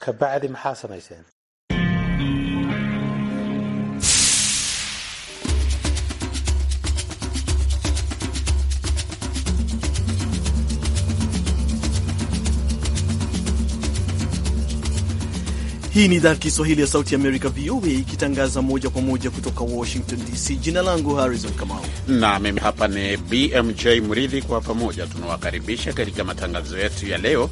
ka maxaa samayseen? Hii ni idhaa Kiswahili ya Sauti Amerika, VOA, ikitangaza moja kwa moja kutoka Washington DC. Jina langu Harrison Kamau na mimi hapa ni BMJ Mridhi. Kwa pamoja tunawakaribisha katika matangazo yetu ya leo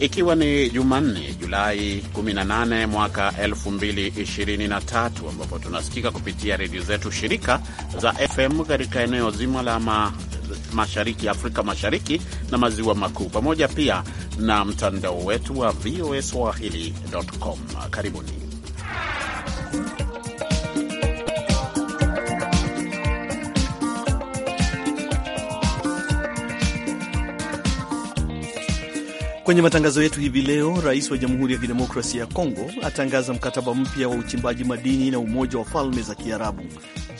ikiwa ni Jumanne Julai 18 mwaka 2023, ambapo tunasikika kupitia redio zetu shirika za FM katika eneo zima la ma mashariki Afrika Mashariki na maziwa makuu, pamoja pia na mtandao wetu wa Swahili.com. Karibuni. Kwenye matangazo yetu hivi leo, rais wa Jamhuri ya Kidemokrasia ya Kongo atangaza mkataba mpya wa uchimbaji madini na Umoja wa Falme za Kiarabu.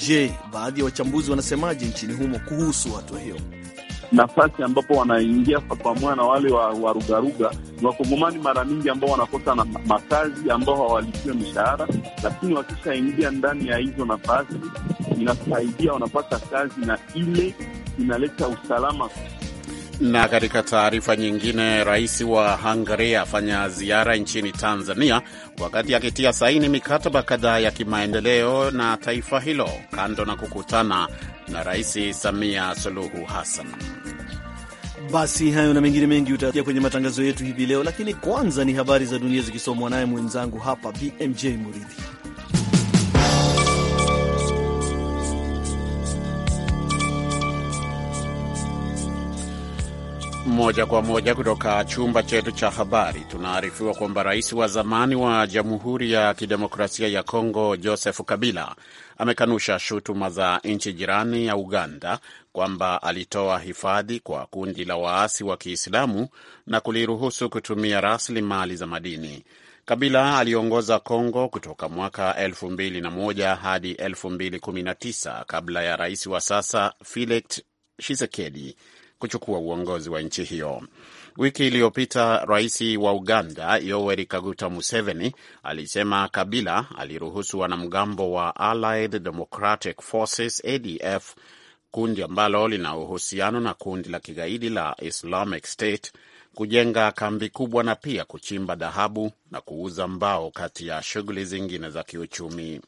Je, baadhi ya wachambuzi wanasemaje nchini humo kuhusu hatua hiyo? Nafasi ambapo wanaingia pamoja na wale warugaruga ni wakongomani mara mingi ambao wanakosa na makazi, ambao hawalipiwe mishahara, lakini wakishaingia ndani ya hizo nafasi inasaidia, wanapata kazi na ile inaleta usalama. Na katika taarifa nyingine, rais wa Hungary afanya ziara nchini Tanzania wakati akitia saini mikataba kadhaa ya kimaendeleo na taifa hilo, kando na kukutana na Rais Samia Suluhu Hassan. Basi hayo na mengine mengi utaia kwenye matangazo yetu hivi leo, lakini kwanza ni habari za dunia zikisomwa naye mwenzangu hapa BMJ Muridhi. Moja kwa moja kutoka chumba chetu cha habari, tunaarifiwa kwamba rais wa zamani wa Jamhuri ya Kidemokrasia ya Kongo Joseph Kabila amekanusha shutuma za nchi jirani ya Uganda kwamba alitoa hifadhi kwa kundi la waasi wa Kiislamu na kuliruhusu kutumia rasilimali za madini. Kabila aliongoza Kongo kutoka mwaka 2001 hadi 2019 kabla ya rais wa sasa Felix Tshisekedi kuchukua uongozi wa nchi hiyo. Wiki iliyopita rais wa Uganda Yoweri Kaguta Museveni alisema Kabila aliruhusu wanamgambo wa Allied Democratic Forces ADF, kundi ambalo lina uhusiano na kundi la kigaidi la Islamic State kujenga kambi kubwa na pia kuchimba dhahabu na kuuza mbao kati ya shughuli zingine za kiuchumi.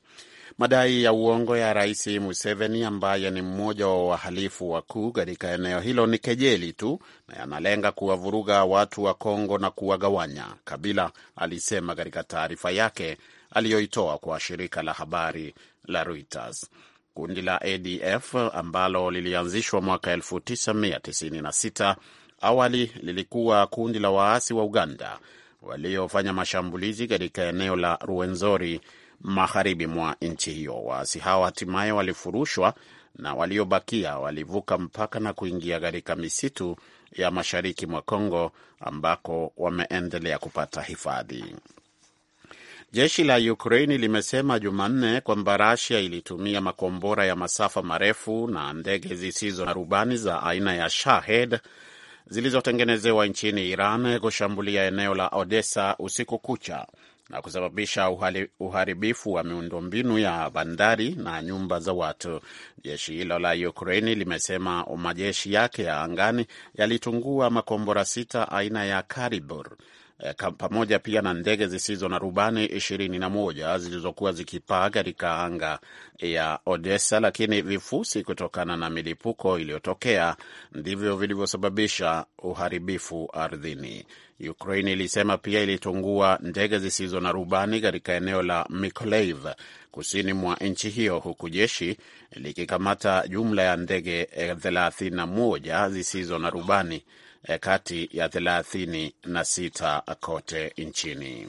Madai ya uongo ya Rais Museveni ambaye ni mmoja wa wahalifu wakuu katika eneo hilo ni kejeli tu na yanalenga kuwavuruga watu wa Kongo na kuwagawanya, Kabila alisema katika taarifa yake aliyoitoa kwa shirika la habari la Reuters. Kundi la ADF ambalo lilianzishwa mwaka 1996 awali lilikuwa kundi la waasi wa Uganda waliofanya mashambulizi katika eneo la ruenzori magharibi mwa nchi hiyo. Waasi hao hatimaye walifurushwa na waliobakia walivuka mpaka na kuingia katika misitu ya mashariki mwa Kongo ambako wameendelea kupata hifadhi. Jeshi la Ukraini limesema Jumanne kwamba Rasia ilitumia makombora ya masafa marefu na ndege zisizo na rubani za aina ya Shahed zilizotengenezewa nchini Iran kushambulia eneo la Odessa usiku kucha na kusababisha uhali, uharibifu wa miundombinu ya bandari na nyumba za watu. Jeshi hilo la Ukraini limesema majeshi yake ya angani yalitungua makombora sita aina ya Kalibr Eh, pamoja pia na ndege zisizo na rubani ishirini na moja zilizokuwa zikipaa katika anga ya Odessa, lakini vifusi kutokana na milipuko iliyotokea ndivyo vilivyosababisha uharibifu ardhini. Ukraine ilisema pia ilitungua ndege zisizo na rubani katika eneo la Mykolaiv kusini mwa nchi hiyo, huku jeshi likikamata jumla ya ndege 31 eh, zisizo na rubani Eh, kati ya sita kote nchini.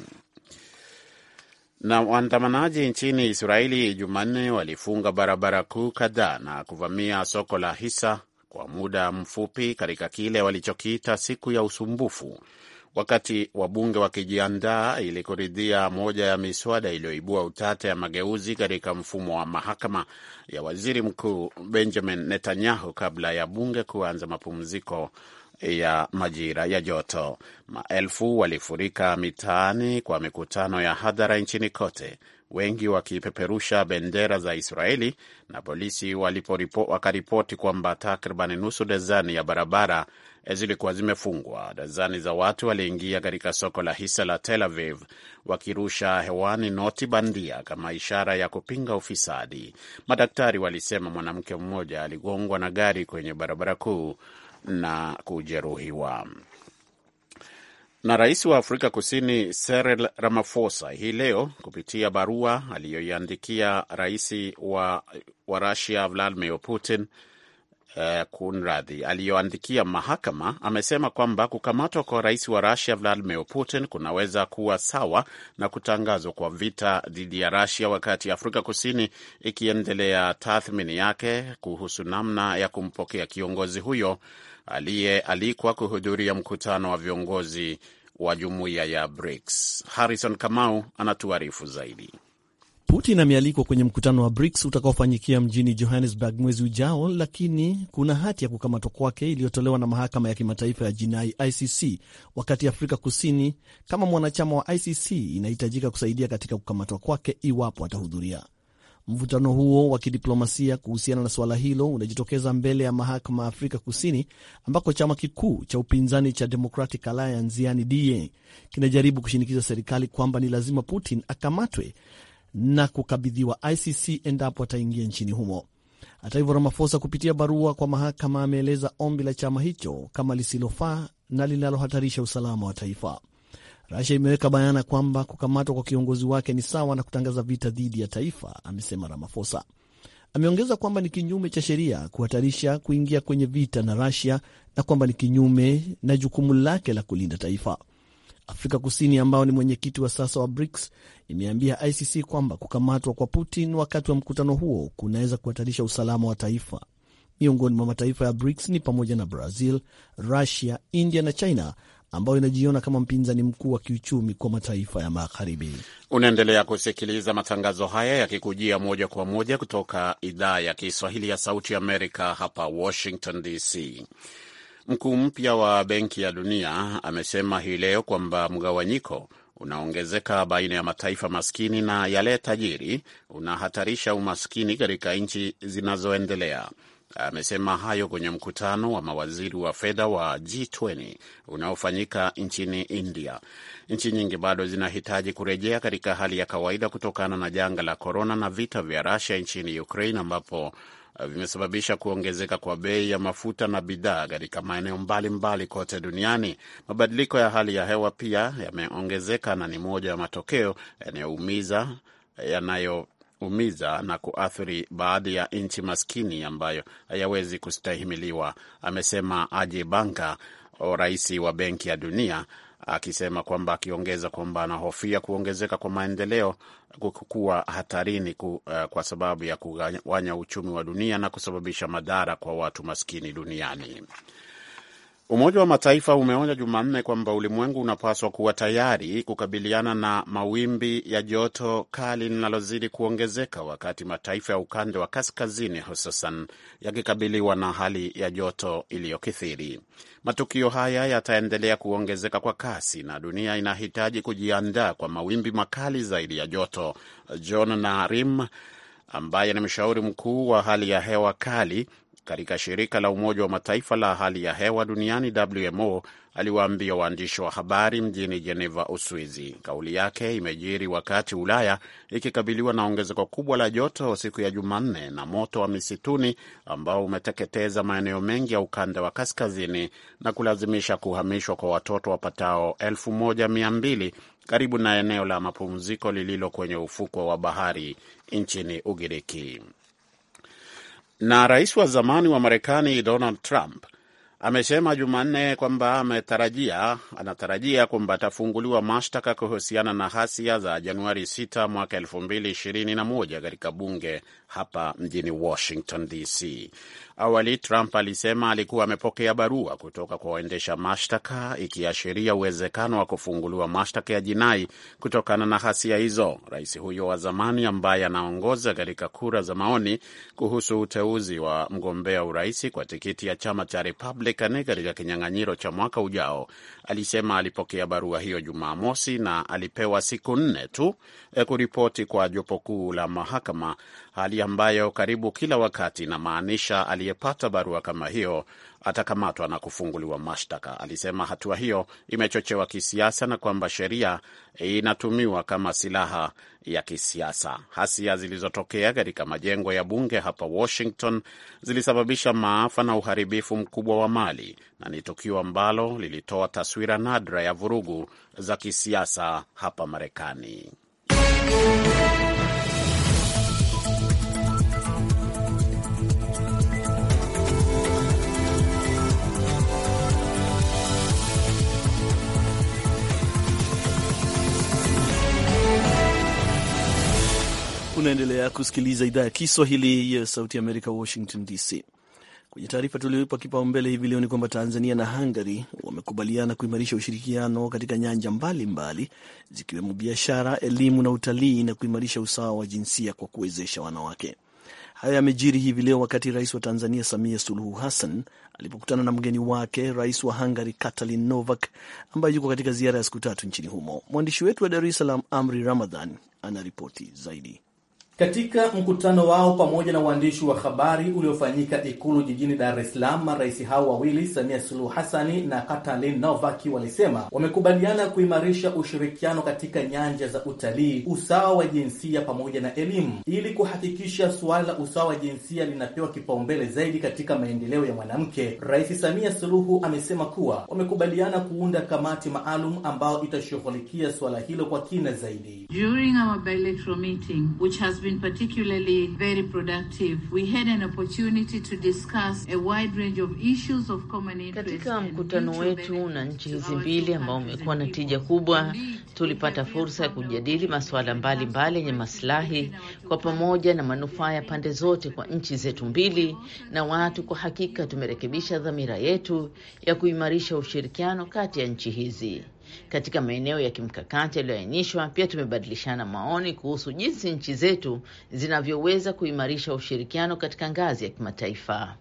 Na waandamanaji nchini Israeli Jumanne walifunga barabara kuu kadhaa na kuvamia soko la hisa kwa muda mfupi katika kile walichokiita siku ya usumbufu, wakati wabunge wakijiandaa ili kuridhia moja ya miswada iliyoibua utata ya mageuzi katika mfumo wa mahakama ya waziri mkuu Benjamin Netanyahu kabla ya bunge kuanza mapumziko ya majira ya joto. Maelfu walifurika mitaani kwa mikutano ya hadhara nchini kote, wengi wakipeperusha bendera za Israeli, na polisi wakaripoti kwamba takriban nusu dazani ya barabara eh, zilikuwa zimefungwa. Dazani za watu waliingia katika soko la hisa la Tel Aviv wakirusha hewani noti bandia kama ishara ya kupinga ufisadi. Madaktari walisema mwanamke mmoja aligongwa na gari kwenye barabara kuu na kujeruhiwa. Na rais wa Afrika Kusini Cyril Ramaphosa hii leo kupitia barua aliyoiandikia rais wa, wa Rusia Vladimir Putin Uh, kunradhi, aliyoandikia mahakama amesema kwamba kukamatwa kwa rais wa Rusia Vladimir Putin kunaweza kuwa sawa na kutangazwa kwa vita dhidi ya Rusia, wakati Afrika Kusini ikiendelea tathmini yake kuhusu namna ya kumpokea kiongozi huyo aliyealikwa kuhudhuria mkutano wa viongozi wa jumuiya ya BRICS. Harrison Kamau anatuarifu zaidi. Putin amealikwa kwenye mkutano wa BRICS utakaofanyikia mjini Johannesburg mwezi ujao, lakini kuna hati ya kukamatwa kwake iliyotolewa na mahakama ya kimataifa ya jinai ICC, wakati Afrika Kusini kama mwanachama wa ICC inahitajika kusaidia katika kukamatwa kwake iwapo atahudhuria. Mvutano huo wa kidiplomasia kuhusiana na suala hilo unajitokeza mbele ya mahakama ya Afrika Kusini ambako chama kikuu cha upinzani cha Democratic Alliance yani DA kinajaribu kushinikiza serikali kwamba ni lazima Putin akamatwe na kukabidhiwa ICC endapo ataingia nchini humo. Hata hivyo, Ramaphosa kupitia barua kwa mahakama ameeleza ombi la chama hicho kama lisilofaa na linalohatarisha usalama wa taifa. Rasia imeweka bayana kwamba kukamatwa kwa kiongozi wake ni sawa na kutangaza vita dhidi ya taifa, amesema ramafosa Ameongeza kwamba ni kinyume cha sheria kuhatarisha kuingia kwenye vita na Rasia na kwamba ni kinyume na jukumu lake la kulinda taifa. Afrika Kusini ambayo ni mwenyekiti wa sasa wa BRICS imeambia ICC kwamba kukamatwa kwa Putin wakati wa mkutano huo kunaweza kuhatarisha usalama wa taifa. Miongoni mwa mataifa ya BRICS ni pamoja na Brazil, rusia India na China ambayo inajiona kama mpinzani mkuu wa kiuchumi kwa mataifa ya Magharibi. Unaendelea kusikiliza matangazo haya yakikujia moja kwa moja kutoka idhaa ya Kiswahili ya Sauti Amerika, hapa Washington DC. Mkuu mpya wa Benki ya Dunia amesema hii leo kwamba mgawanyiko unaongezeka baina ya mataifa maskini na yale tajiri unahatarisha umaskini katika nchi zinazoendelea. Amesema hayo kwenye mkutano wa mawaziri wa fedha wa G20 unaofanyika nchini India. Nchi nyingi bado zinahitaji kurejea katika hali ya kawaida kutokana na janga la korona na vita vya Rusia nchini Ukraine ambapo uh, vimesababisha kuongezeka kwa bei ya mafuta na bidhaa katika maeneo mbalimbali kote duniani. Mabadiliko ya hali ya hewa pia yameongezeka na ni moja ya matokeo yanayoumiza yanayo umiza na kuathiri baadhi ya nchi maskini ambayo hayawezi kustahimiliwa, amesema Ajay Banka, rais wa Benki ya Dunia, akisema kwamba, akiongeza kwamba anahofia kuongezeka kwa maendeleo kuwa hatarini ku, uh, kwa sababu ya kugawanya uchumi wa dunia na kusababisha madhara kwa watu maskini duniani. Umoja wa Mataifa umeonya Jumanne kwamba ulimwengu unapaswa kuwa tayari kukabiliana na mawimbi ya joto kali linalozidi kuongezeka, wakati mataifa ya ukanda wa kaskazini hususan yakikabiliwa na hali ya joto iliyokithiri. Matukio haya yataendelea kuongezeka kwa kasi na dunia inahitaji kujiandaa kwa mawimbi makali zaidi ya joto. John Narim ambaye ni mshauri mkuu wa hali ya hewa kali katika shirika la Umoja wa Mataifa la hali ya hewa duniani WMO aliwaambia waandishi wa habari mjini Jeneva, Uswizi. Kauli yake imejiri wakati Ulaya ikikabiliwa na ongezeko kubwa la joto siku ya Jumanne na moto wa misituni ambao umeteketeza maeneo mengi ya ukanda wa kaskazini na kulazimisha kuhamishwa kwa watoto wapatao elfu moja mia mbili karibu na eneo la mapumziko lililo kwenye ufukwe wa bahari nchini Ugiriki. Na rais wa zamani wa Marekani Donald Trump amesema Jumanne kwamba ametarajia anatarajia kwamba atafunguliwa mashtaka kuhusiana na hasia za Januari 6 mwaka 2021 katika bunge hapa mjini Washington DC. Awali Trump alisema alikuwa amepokea barua kutoka kwa waendesha mashtaka ikiashiria uwezekano wa kufunguliwa mashtaka ya jinai kutokana na hasia hizo. Rais huyo wa zamani ambaye anaongoza katika kura za maoni kuhusu uteuzi wa mgombea urais kwa tikiti ya chama cha Republic Marekani katika kinyang'anyiro cha mwaka ujao, alisema alipokea barua hiyo Jumamosi na alipewa siku nne tu e, kuripoti kwa jopo kuu la mahakama, hali ambayo karibu kila wakati inamaanisha aliyepata barua kama hiyo atakamatwa na kufunguliwa mashtaka. Alisema hatua hiyo imechochewa kisiasa na kwamba sheria inatumiwa kama silaha ya kisiasa. Hasia zilizotokea katika majengo ya bunge hapa Washington zilisababisha maafa na uharibifu mkubwa wa mali na ni tukio ambalo lilitoa taswira nadra ya vurugu za kisiasa hapa Marekani. Unaendelea kusikiliza idhaa ya Kiswahili ya Sauti ya Amerika, Washington DC. Kwenye taarifa tulioipa kipaumbele hivi leo ni kwamba Tanzania na Hungary wamekubaliana kuimarisha ushirikiano katika nyanja mbalimbali zikiwemo biashara, elimu na utalii na kuimarisha usawa wa jinsia kwa kuwezesha wanawake. hayo yamejiri hivi leo wakati rais wa Tanzania Samia Suluhu Hassan alipokutana na mgeni wake rais wa Hungary Katalin Novak ambaye yuko katika ziara ya siku tatu nchini humo. Mwandishi wetu wa Dar es Salaam Amri Ramadhan anaripoti zaidi. Katika mkutano wao pamoja na waandishi wa habari uliofanyika Ikulu jijini Dar es Salaam, marais hao wawili Samia Suluhu Hassani na Katalin Novaki walisema wamekubaliana kuimarisha ushirikiano katika nyanja za utalii, usawa wa jinsia pamoja na elimu ili kuhakikisha suala la usawa wa jinsia linapewa kipaumbele zaidi katika maendeleo ya mwanamke. Rais Samia Suluhu amesema kuwa wamekubaliana kuunda kamati maalum ambayo itashughulikia suala hilo kwa kina zaidi. During our been particularly very productive. We had an opportunity to discuss a wide range of issues of common interest. Katika mkutano wetu na nchi hizi mbili ambao umekuwa na tija kubwa, tulipata fursa ya kujadili masuala mbalimbali yenye maslahi kwa pamoja na manufaa ya pande zote kwa nchi zetu mbili na watu. Kwa hakika tumerekebisha dhamira yetu ya kuimarisha ushirikiano kati ya nchi hizi katika maeneo ya kimkakati yaliyoainishwa. Pia tumebadilishana maoni kuhusu jinsi nchi zetu zinavyoweza kuimarisha ushirikiano katika ngazi ya kimataifa.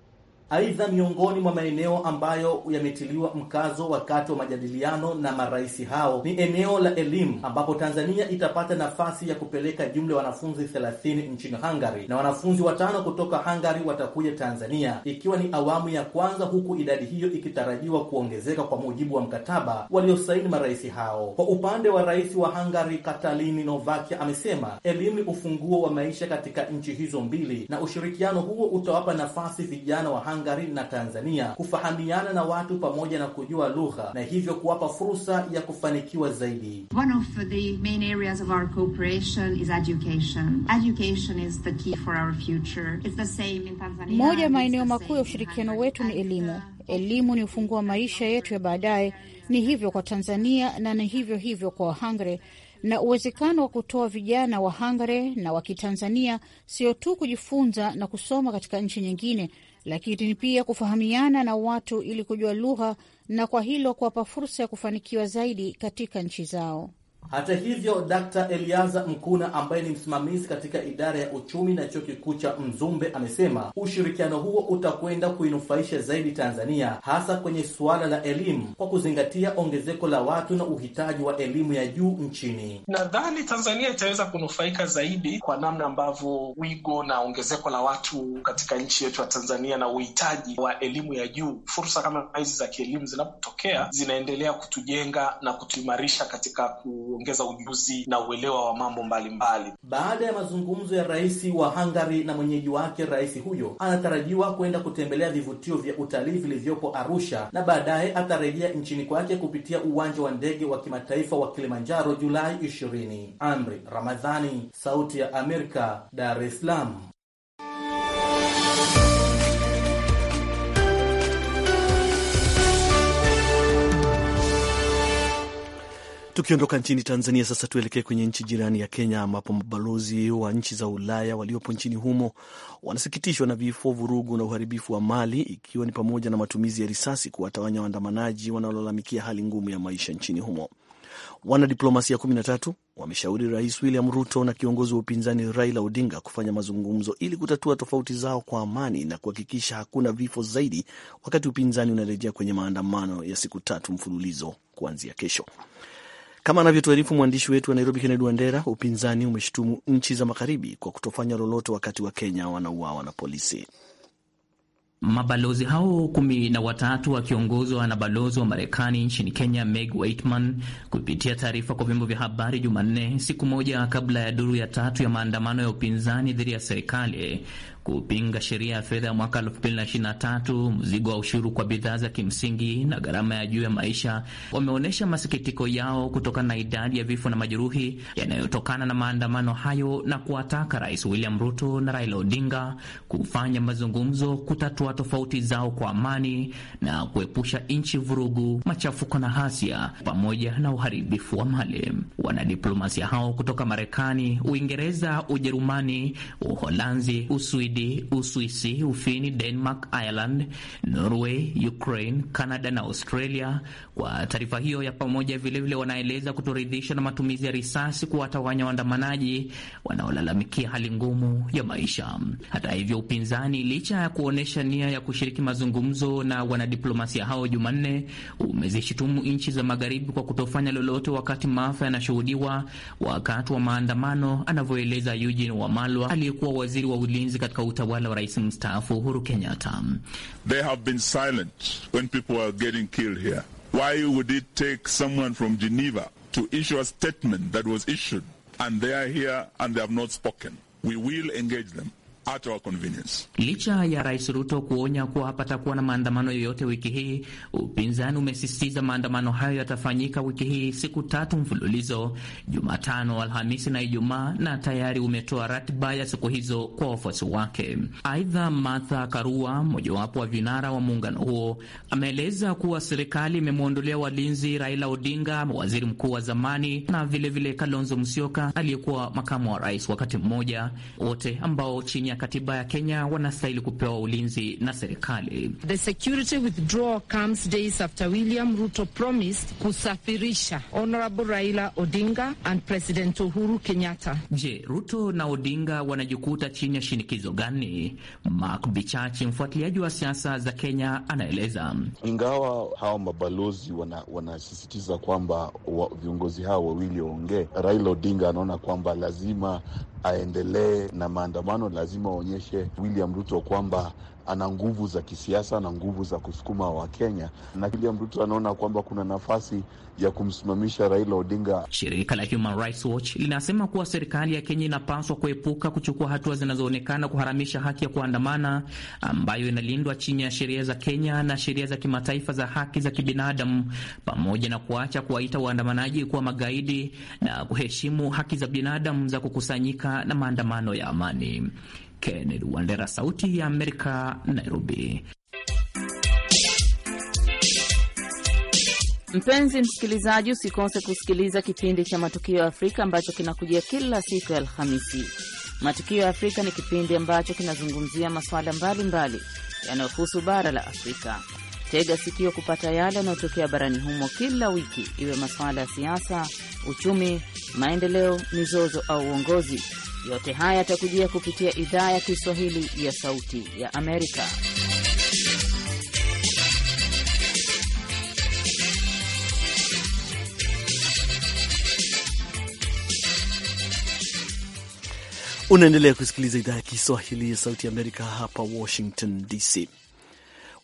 Aidha, miongoni mwa maeneo ambayo yametiliwa mkazo wakati wa majadiliano na marais hao ni eneo la elimu, ambapo Tanzania itapata nafasi ya kupeleka jumla ya wanafunzi 30 nchini Hungary na wanafunzi watano kutoka Hungary watakuja Tanzania, ikiwa ni awamu ya kwanza, huku idadi hiyo ikitarajiwa kuongezeka kwa mujibu wa mkataba waliosaini marais hao. Kwa upande wa rais wa Hungary Katalin Novakia amesema elimu ni ufunguo wa maisha katika nchi hizo mbili na ushirikiano huo utawapa nafasi vijana wa Hungary magharibi na Tanzania kufahamiana na watu pamoja na kujua lugha na hivyo kuwapa fursa ya kufanikiwa zaidi. One of the main areas of our cooperation is education. Education is the key for our future. It's the same in Tanzania. Moja ya maeneo makuu ya ushirikiano wetu ni elimu. Elimu ni ufunguo wa maisha yetu ya baadaye. Ni hivyo kwa Tanzania na ni hivyo hivyo kwa Wahangare na uwezekano wa kutoa vijana wa Hungary na wa Kitanzania sio tu kujifunza na kusoma katika nchi nyingine, lakini pia kufahamiana na watu ili kujua lugha na kwa hilo kuwapa fursa ya kufanikiwa zaidi katika nchi zao. Hata hivyo, Dkt. Eliaza Mkuna ambaye ni msimamizi katika idara ya uchumi na chuo kikuu cha Mzumbe amesema ushirikiano huo utakwenda kuinufaisha zaidi Tanzania hasa kwenye suala la elimu kwa kuzingatia ongezeko la watu na uhitaji wa elimu ya juu nchini. Nadhani Tanzania itaweza kunufaika zaidi kwa namna ambavyo wigo na ongezeko la watu katika nchi yetu ya Tanzania na uhitaji wa elimu ya juu, fursa kama hizi za kielimu zinapotokea zinaendelea kutujenga na kutuimarisha katika ku kuongeza ujuzi na uelewa wa mambo mbalimbali mbali. Baada ya mazungumzo ya rais wa Hungary na mwenyeji wake, rais huyo anatarajiwa kwenda kutembelea vivutio vya utalii vilivyopo Arusha na baadaye atarejea nchini kwake kupitia uwanja wa ndege wa kimataifa wa Kilimanjaro Julai 20. Amri Ramadhani, Sauti ya Amerika, Dar es Salaam. Tukiondoka nchini Tanzania sasa, tuelekee kwenye nchi jirani ya Kenya, ambapo mabalozi wa nchi za Ulaya waliopo nchini humo wanasikitishwa na vifo, vurugu na uharibifu wa mali, ikiwa ni pamoja na matumizi ya risasi kuwatawanya waandamanaji wanaolalamikia hali ngumu ya maisha nchini humo. Wanadiplomasia 13 wameshauri Rais William Ruto na kiongozi wa upinzani Raila Odinga kufanya mazungumzo ili kutatua tofauti zao kwa amani na kuhakikisha hakuna vifo zaidi, wakati upinzani unarejea kwenye maandamano ya siku tatu mfululizo kuanzia kesho. Kama anavyotuarifu mwandishi wetu wa Nairobi, Kennedy Wandera, upinzani umeshutumu nchi za magharibi kwa kutofanya lolote wakati wa Kenya wanauawa na polisi. Mabalozi hao kumi na watatu wakiongozwa na balozi wa Marekani nchini Kenya Meg Whitman, kupitia taarifa kwa vyombo vya habari Jumanne, siku moja kabla ya duru ya tatu ya maandamano ya upinzani dhidi ya serikali, kupinga sheria ya fedha ya mwaka 2023, mzigo wa ushuru kwa bidhaa za kimsingi na gharama ya juu ya maisha, wameonyesha masikitiko yao kutokana na idadi ya vifo na majeruhi yanayotokana na maandamano hayo na kuwataka Rais William Ruto na Raila Odinga kufanya mazungumzo kutatua tofauti zao kwa amani na kuepusha nchi vurugu, machafuko na hasia pamoja na uharibifu wa mali. Wanadiplomasia hao kutoka Marekani, Uingereza, Ujerumani, Uholanzi, Uswidi Uswidi, Uswisi, Ufini, Denmark, Ireland, Norway, Ukraine, Canada na Australia. Kwa taarifa hiyo ya pamoja, vilevile wanaeleza kutoridhishwa na matumizi ya risasi kuwatawanya waandamanaji wanaolalamikia hali ngumu ya maisha. Hata hivyo, upinzani licha ya kuonyesha nia ya kushiriki mazungumzo na wanadiplomasia hao Jumanne, umezishutumu nchi za magharibi kwa kutofanya lolote wakati maafa yanashuhudiwa wakati wa maandamano, anavyoeleza Eugene Wamalwa aliyekuwa waziri wa ulinzi katika utawala wa rais mstaafu Uhuru Kenyatta. They have been silent when people are getting killed here. Why would it take someone from Geneva to issue a statement that was issued and they are here and they have not spoken? We will engage them. at our convenience. Licha ya Rais Ruto kuonya kuwa hapatakuwa na maandamano yoyote wiki hii, upinzani umesisitiza maandamano hayo yatafanyika wiki hii siku tatu mfululizo, Jumatano, Alhamisi na Ijumaa, na tayari umetoa ratiba ya siku hizo kwa wafuasi wake. Aidha, Martha Karua, mojawapo wa vinara wa muungano huo, ameeleza kuwa serikali imemwondolea walinzi Raila Odinga, waziri mkuu wa zamani, na vilevile vile Kalonzo Musyoka aliyekuwa makamu wa rais wakati mmoja, wote ambao chini ya katiba ya Kenya wanastahili kupewa ulinzi na serikali. The security withdrawal comes days after William Ruto promised kusafirisha Honorable Raila Odinga and President Uhuru Kenyatta. Je, Ruto na Odinga wanajikuta chini ya shinikizo gani? Mark Bichachi, mfuatiliaji wa siasa za Kenya, anaeleza. Ingawa hawa mabalozi wanasisitiza wana kwamba wa, viongozi hao wawili waongee, Raila Odinga anaona kwamba lazima aendelee na maandamano, lazima aonyeshe William Ruto kwamba ana nguvu za kisiasa, ana nguvu za kusukuma Wakenya, na William Ruto anaona kwamba kuna nafasi ya kumsimamisha Raila Odinga. Shirika la Human Rights Watch linasema kuwa serikali ya Kenya inapaswa kuepuka kuchukua hatua zinazoonekana kuharamisha haki ya kuandamana ambayo inalindwa chini ya sheria za Kenya na sheria za kimataifa za haki za kibinadamu, pamoja na kuacha kuwaita waandamanaji kuwa magaidi na kuheshimu haki za binadamu za kukusanyika na maandamano ya amani. Kennedy Wandera, Sauti ya Amerika, Nairobi. Mpenzi msikilizaji, usikose kusikiliza kipindi cha Matukio ya Afrika ambacho kinakujia kila siku ya Alhamisi. Matukio ya Afrika ni kipindi ambacho kinazungumzia masuala mbalimbali yanayohusu bara la Afrika. Tega sikio kupata yale yanayotokea barani humo kila wiki, iwe masuala ya siasa, uchumi, maendeleo, mizozo au uongozi. Yote haya yatakujia kupitia idhaa ya Kiswahili ya Sauti ya Amerika. Unaendelea kusikiliza idhaa ya Kiswahili ya Sauti ya Amerika hapa Washington DC.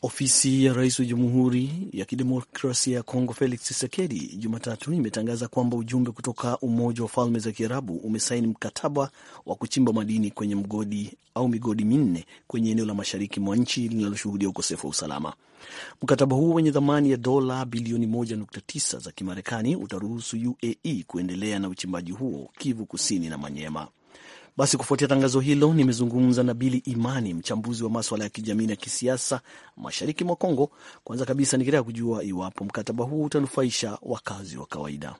Ofisi ya rais wa Jamhuri ya Kidemokrasia ya Kongo Felix Tshisekedi Jumatatu imetangaza kwamba ujumbe kutoka Umoja wa Falme za Kiarabu umesaini mkataba wa kuchimba madini kwenye mgodi au migodi minne kwenye eneo la mashariki mwa nchi linaloshuhudia ukosefu wa usalama. Mkataba huo wenye thamani ya dola bilioni 1.9 za Kimarekani utaruhusu UAE kuendelea na uchimbaji huo Kivu Kusini na Manyema. Basi kufuatia tangazo hilo, nimezungumza na Bili Imani, mchambuzi wa maswala ya kijamii na kisiasa mashariki mwa Kongo. Kwanza kabisa nikitaka kujua iwapo mkataba huu utanufaisha wakazi wa kawaida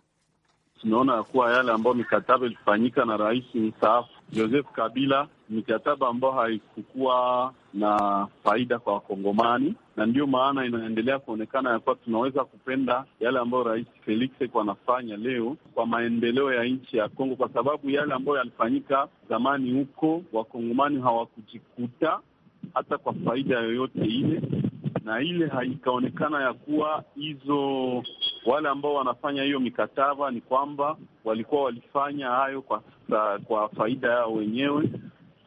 tunaona ya kuwa yale ambayo mikataba ilifanyika na rais mstaafu Joseph Kabila, mikataba ambayo haikukuwa na faida kwa Wakongomani, na ndiyo maana inaendelea kuonekana ya kuwa tunaweza kupenda yale ambayo rais Felix Tshisekedi anafanya leo kwa maendeleo ya nchi ya Kongo, kwa sababu yale ambayo yalifanyika zamani huko Wakongomani hawakujikuta hata kwa faida yoyote ile, na ile haikaonekana ya kuwa hizo wale ambao wanafanya hiyo mikataba ni kwamba walikuwa walifanya hayo kwa, kwa faida yao wenyewe.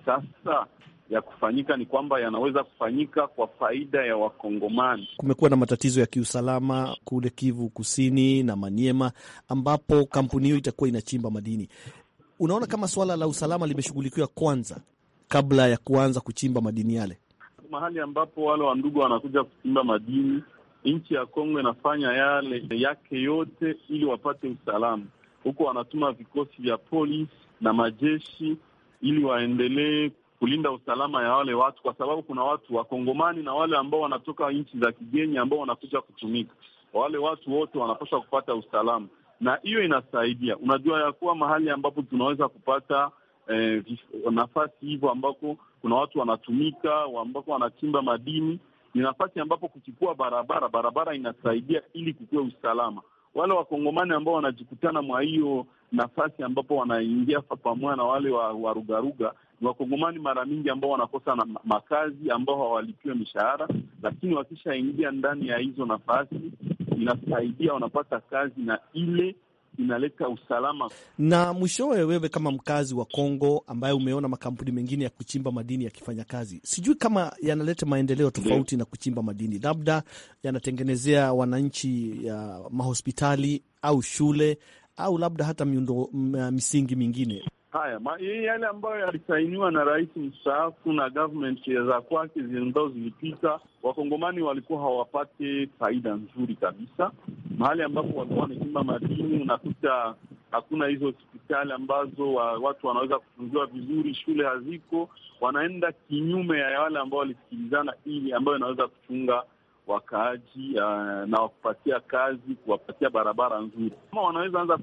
Sasa ya kufanyika ni kwamba yanaweza kufanyika kwa faida ya Wakongomani. Kumekuwa na matatizo ya kiusalama kule Kivu Kusini na Maniema ambapo kampuni hiyo itakuwa inachimba madini. Unaona kama suala la usalama limeshughulikiwa kwanza kabla ya kuanza kuchimba madini yale, mahali ambapo wale wandugu wanakuja kuchimba madini nchi ya Kongo inafanya yale yake yote ili wapate usalama huko, wanatuma vikosi vya polisi na majeshi ili waendelee kulinda usalama ya wale watu, kwa sababu kuna watu wakongomani na wale ambao wanatoka nchi za kigeni ambao wanakuja kutumika. Wale watu wote wanapaswa kupata usalama, na hiyo inasaidia. Unajua ya kuwa mahali ambapo tunaweza kupata eh, nafasi hivyo ambako kuna watu wanatumika, ambako wanachimba madini ni nafasi ambapo kuchukua barabara barabara inasaidia ili kukuwe usalama. Wale wakongomani ambao wanajikutana mwa hiyo nafasi ambapo wanaingia pamoja na wale warugaruga ni wakongomani mara mingi ambao wanakosa na makazi, ambao hawalipiwe mishahara, lakini wakishaingia ndani ya hizo nafasi inasaidia wanapata kazi na ile inaleta usalama. Na mwishowe, wewe kama mkazi wa Kongo ambaye umeona makampuni mengine ya kuchimba madini yakifanya kazi, sijui kama yanaleta maendeleo tofauti yeah, na kuchimba madini, labda yanatengenezea wananchi ya mahospitali au shule au labda hata miundo misingi mingine. Haya yale ambayo yalisainiwa na rais mstaafu na government za kwake ambazo zilipita, wakongomani walikuwa hawapate faida nzuri kabisa, mahali ambapo walikuwa wamechimba madini, unakuta hakuna hizo hospitali ambazo wa, watu wanaweza kufungiwa vizuri, shule haziko, wanaenda kinyume ya wale ambao walisikilizana, ili ambayo inaweza kuchunga wakaaji uh, na wakupatia kazi, kuwapatia barabara nzuri, ama wanaweza anza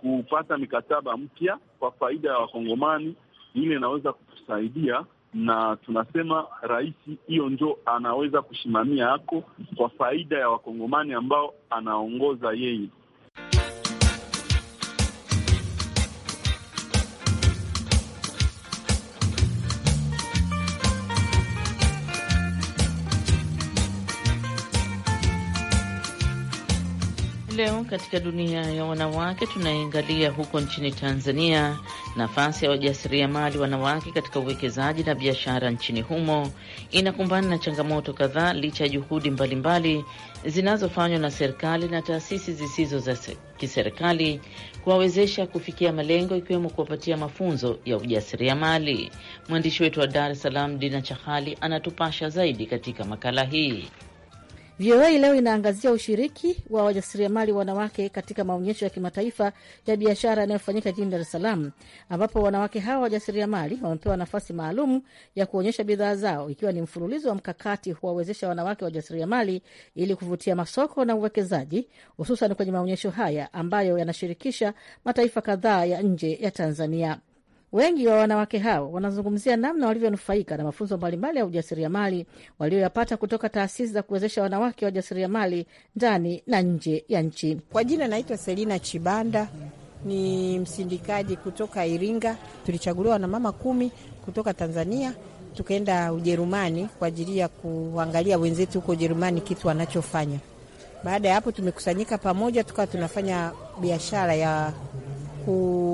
kupata mikataba mpya kwa faida ya Wakongomani, ile inaweza kutusaidia na tunasema rais hiyo njo anaweza kushimamia hako kwa faida ya wakongomani ambao anaongoza yeye. leo katika dunia ya wanawake tunaangalia huko nchini Tanzania nafasi ya wajasiriamali wanawake katika uwekezaji na biashara nchini humo inakumbana na changamoto kadhaa licha ya juhudi mbalimbali zinazofanywa na serikali na taasisi zisizo za kiserikali kuwawezesha kufikia malengo ikiwemo kuwapatia mafunzo ya ujasiriamali. Mwandishi wetu wa Dar es Salaam Dina Chahali anatupasha zaidi katika makala hii. VOA leo inaangazia ushiriki wa wajasiriamali wanawake katika maonyesho ya kimataifa ya biashara yanayofanyika jijini Dar es Salaam, ambapo wanawake hawa wajasiriamali wamepewa nafasi maalum ya kuonyesha bidhaa zao, ikiwa ni mfululizo wa mkakati huwawezesha wanawake wajasiriamali ili kuvutia masoko na uwekezaji, hususan kwenye maonyesho haya ambayo yanashirikisha mataifa kadhaa ya nje ya Tanzania. Wengi wa wanawake hao wanazungumzia namna walivyonufaika na mafunzo mbalimbali ya ujasiriamali walioyapata kutoka taasisi za kuwezesha wanawake wajasiriamali ndani na nje ya nchi. Kwa jina naitwa Selina Chibanda, ni msindikaji kutoka Iringa. Tulichaguliwa na mama kumi kutoka Tanzania tukaenda Ujerumani kwa ajili ya kuangalia wenzetu huko Ujerumani kitu wanachofanya. Baada ya hapo, tumekusanyika pamoja tukawa tunafanya biashara ya ku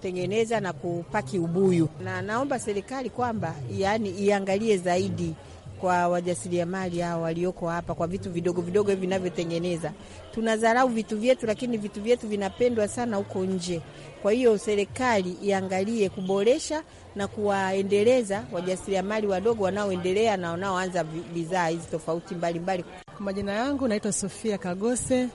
kutengeneza na kupaki ubuyu, na naomba serikali kwamba yani iangalie zaidi kwa wajasiriamali hao walioko hapa kwa vitu vidogo vidogo hivi vinavyotengeneza. Tunadharau vitu vyetu, lakini vitu vyetu vinapendwa sana huko nje. Kwa hiyo serikali iangalie kuboresha na kuwaendeleza wajasiriamali wadogo wanaoendelea na wanaoanza bidhaa hizi tofauti mbalimbali. Kwa majina yangu naitwa Sofia Kagose,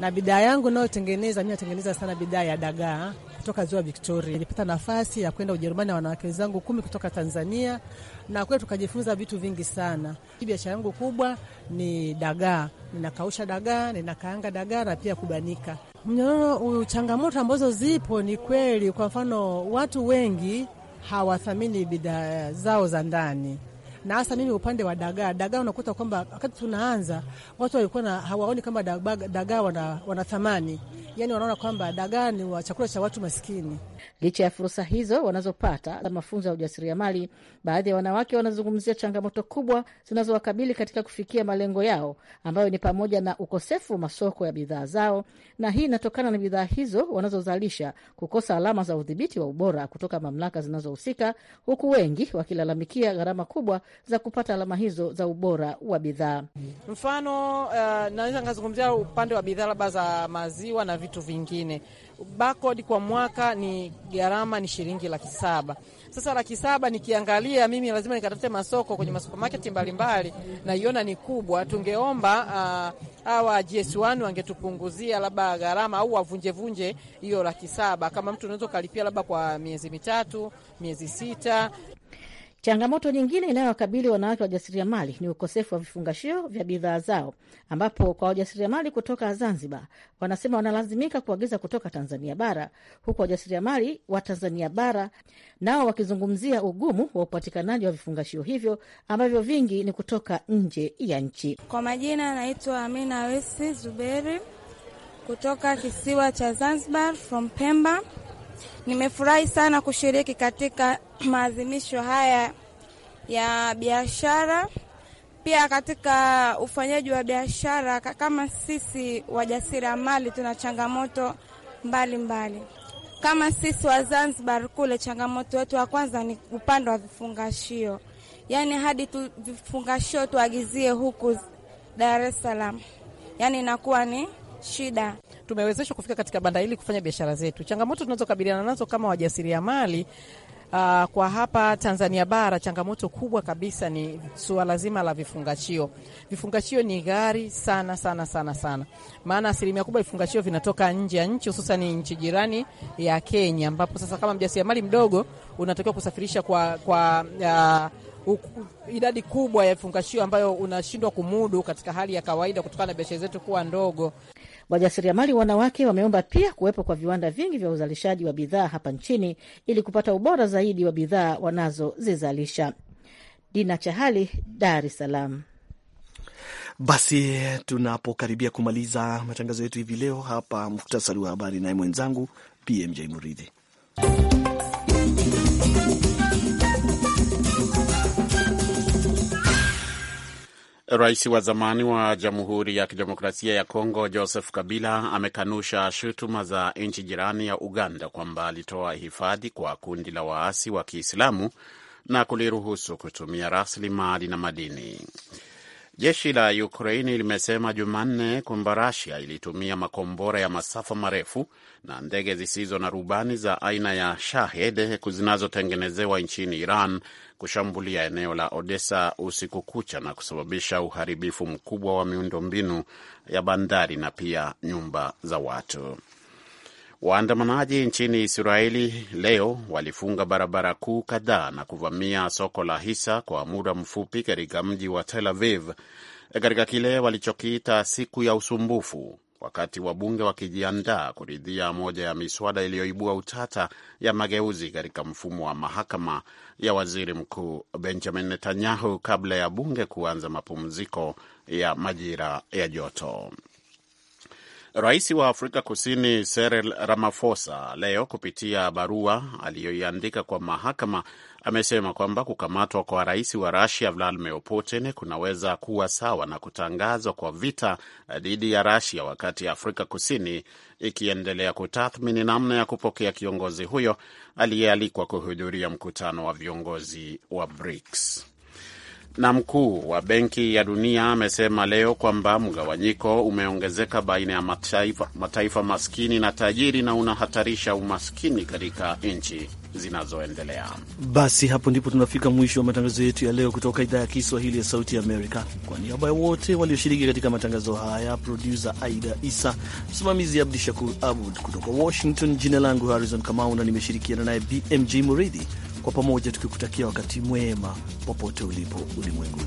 na bidhaa yangu nayotengeneza, mi natengeneza sana bidhaa ya dagaa kutoka ziwa Victoria. Nilipata nafasi ya kwenda Ujerumani na wanawake wenzangu kumi kutoka Tanzania, na kweli tukajifunza vitu vingi sana. Biashara yangu kubwa ni dagaa, ninakausha dagaa, ninakaanga dagaa na pia kubanika. Mnyororo, changamoto ambazo zipo ni kweli, kwa mfano watu wengi hawathamini bidhaa zao za ndani na hasa mimi upande wa dagaa. Dagaa unakuta kwamba wakati tunaanza watu walikuwa na hawaoni kama dagaa wana, wana thamani, yani wanaona kwamba dagaa ni wa chakula cha watu maskini. Licha ya fursa hizo wanazopata za mafunzo ya ujasiriamali, baadhi ya wanawake wanazungumzia changamoto kubwa zinazowakabili katika kufikia malengo yao, ambayo ni pamoja na ukosefu wa masoko ya bidhaa zao, na hii inatokana na bidhaa hizo wanazozalisha kukosa alama za udhibiti wa ubora kutoka mamlaka zinazohusika, huku wengi wakilalamikia gharama kubwa za kupata alama hizo za ubora wa bidhaa. Mfano uh, naweza nikazungumzia upande wa bidhaa labda za maziwa na vitu vingine. Bakodi kwa mwaka ni gharama ni shilingi laki saba. Sasa laki saba nikiangalia mimi lazima nikatafute masoko kwenye masupermarket mbalimbali, naiona ni kubwa. Tungeomba uh, eh, GS1 wangetupunguzia labda gharama au wavunjevunje hiyo laki saba. Kama mtu unaweza ukalipia labda kwa miezi mitatu, miezi sita, Changamoto nyingine inayowakabili wanawake wajasiriamali ni ukosefu wa vifungashio vya bidhaa zao, ambapo kwa wajasiriamali kutoka Zanzibar wanasema wanalazimika kuagiza kutoka Tanzania bara, huku wajasiriamali wa Tanzania bara nao wakizungumzia ugumu wa upatikanaji wa vifungashio hivyo ambavyo vingi ni kutoka nje ya nchi. Kwa majina anaitwa Amina Wesi Zuberi kutoka kisiwa cha Zanzibar, from Pemba. Nimefurahi sana kushiriki katika maadhimisho haya ya biashara, pia katika ufanyaji wa biashara. Kama sisi wajasiriamali tuna changamoto mbalimbali mbali. Kama sisi wa Zanzibar kule, changamoto yetu ya kwanza ni upande wa vifungashio, yaani hadi tu vifungashio tuagizie huku Dar es Salaam, yaani inakuwa ni shida tumewezeshwa kufika katika banda hili kufanya biashara zetu. Changamoto tunazokabiliana nazo kama wajasiriamali Uh, kwa hapa Tanzania bara changamoto kubwa kabisa ni suala zima la vifungashio. Vifungashio ni ghali sana sana sana sana, maana asilimia kubwa vifungashio vinatoka nje ya nchi, hususan nchi jirani ya Kenya, ambapo sasa kama mjasiriamali mdogo unatakiwa kusafirisha kwa, kwa uh, Uku, idadi kubwa ya vifungashio ambayo unashindwa kumudu katika hali ya kawaida kutokana na biashara zetu kuwa ndogo. Wajasiriamali wanawake wameomba pia kuwepo kwa viwanda vingi vya uzalishaji wa bidhaa hapa nchini ili kupata ubora zaidi wa bidhaa wanazozizalisha. Dina Chahali, Dar es Salaam. Basi tunapokaribia kumaliza matangazo yetu hivi leo hapa, muhtasari wa habari naye mwenzangu BMJ Muridhi. Rais wa zamani wa Jamhuri ya Kidemokrasia ya Kongo Joseph Kabila amekanusha shutuma za nchi jirani ya Uganda kwamba alitoa hifadhi kwa kundi la waasi wa Kiislamu na kuliruhusu kutumia rasilimali na madini. Jeshi la Ukraini limesema Jumanne kwamba Rasia ilitumia makombora ya masafa marefu na ndege zisizo na rubani za aina ya Shahed zinazotengenezewa nchini Iran kushambulia eneo la Odessa usiku kucha na kusababisha uharibifu mkubwa wa miundombinu ya bandari na pia nyumba za watu. Waandamanaji nchini Israeli leo walifunga barabara kuu kadhaa na kuvamia soko la hisa kwa muda mfupi katika mji wa Tel Aviv katika kile walichokiita siku ya usumbufu, wakati wabunge wakijiandaa kuridhia moja ya miswada iliyoibua utata ya mageuzi katika mfumo wa mahakama ya waziri mkuu Benjamin Netanyahu kabla ya bunge kuanza mapumziko ya majira ya joto. Rais wa Afrika Kusini Cyril Ramaphosa leo kupitia barua aliyoiandika kwa mahakama amesema kwamba kukamatwa kwa rais wa Russia Vladimir Putin kunaweza kuwa sawa na kutangazwa kwa vita dhidi ya rasia wakati Afrika Kusini ikiendelea kutathmini namna ya kupokea kiongozi huyo aliyealikwa kuhudhuria mkutano wa viongozi wa BRICS. Na mkuu wa Benki ya Dunia amesema leo kwamba mgawanyiko umeongezeka baina ya mataifa, mataifa maskini na tajiri na unahatarisha umaskini katika nchi zinazoendelea. Basi hapo ndipo tunafika mwisho wa matangazo yetu ya leo kutoka idhaa ya Kiswahili ya Sauti Amerika. Kwa niaba ya wote walioshiriki katika matangazo haya, produsa Aida Isa, msimamizi Abdu Shakur Abud kutoka Washington, jina langu Harrison Kamau na nimeshirikiana naye BMJ Muridhi kwa pamoja tukikutakia wakati mwema popote ulipo ulimwenguni.